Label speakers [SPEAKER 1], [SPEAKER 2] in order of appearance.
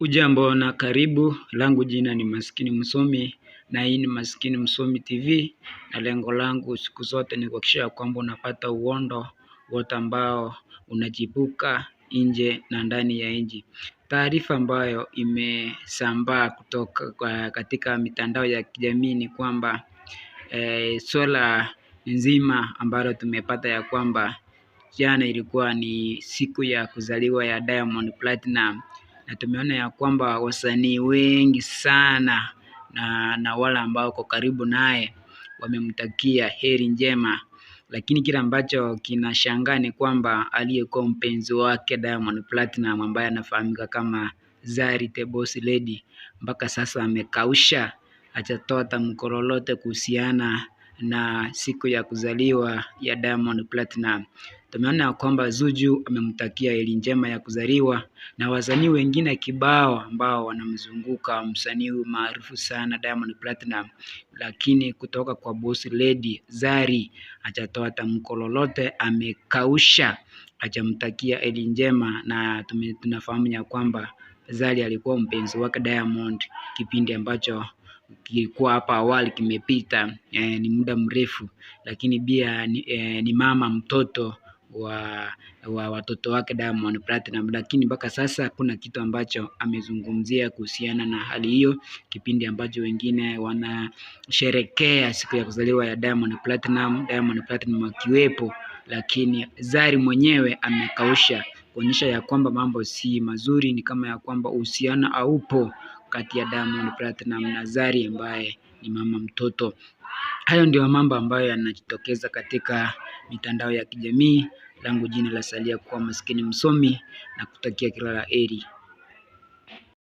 [SPEAKER 1] Ujambo na karibu. Langu jina ni Maskini Msomi na hii ni Maskini Msomi TV, na lengo langu siku zote ni kuhakikisha kwamba unapata uondo wote ambao unajibuka nje na ndani ya nchi. Taarifa ambayo imesambaa kutoka kwa katika mitandao ya kijamii ni kwamba e, swala nzima ambalo tumepata ya kwamba jana ilikuwa ni siku ya kuzaliwa ya Diamond Platinum na tumeona ya kwamba wasanii wengi sana na, na wale ambao wako karibu naye wamemtakia heri njema, lakini kile ambacho kinashangaa ni kwamba aliyekuwa mpenzi wake Diamond Platinum ambaye anafahamika kama Zari the Boss Lady mpaka sasa amekausha, hajatoa tamko lolote kuhusiana na siku ya kuzaliwa ya Diamond Platinum. Tumeona ya kwamba Zuchu amemtakia heri njema ya kuzaliwa na wasanii wengine kibao ambao wanamzunguka msanii maarufu sana Diamond Platinum, lakini kutoka kwa Boss Lady Zari hajatoa tamko lolote, amekausha, hajamtakia heri njema, na tunafahamu ya kwamba Zari alikuwa mpenzi wake Diamond kipindi ambacho kilikuwa hapa awali kimepita eh, ni muda mrefu, lakini pia ni, eh, ni mama mtoto wa, wa watoto wake Diamond Platinum, lakini mpaka sasa hakuna kitu ambacho amezungumzia kuhusiana na hali hiyo, kipindi ambacho wengine wanasherekea siku ya kuzaliwa ya Diamond Platinum, Diamond Platinum akiwepo, lakini Zari mwenyewe amekausha kuonyesha ya kwamba mambo si mazuri, ni kama ya kwamba uhusiano haupo kati ya Diamond Platinum na Zari ambaye ni mama mtoto. Hayo ndio mambo ambayo yanajitokeza katika mitandao ya kijamii. Langu jina la salia kuwa Maskini Msomi na kutakia kila la heri.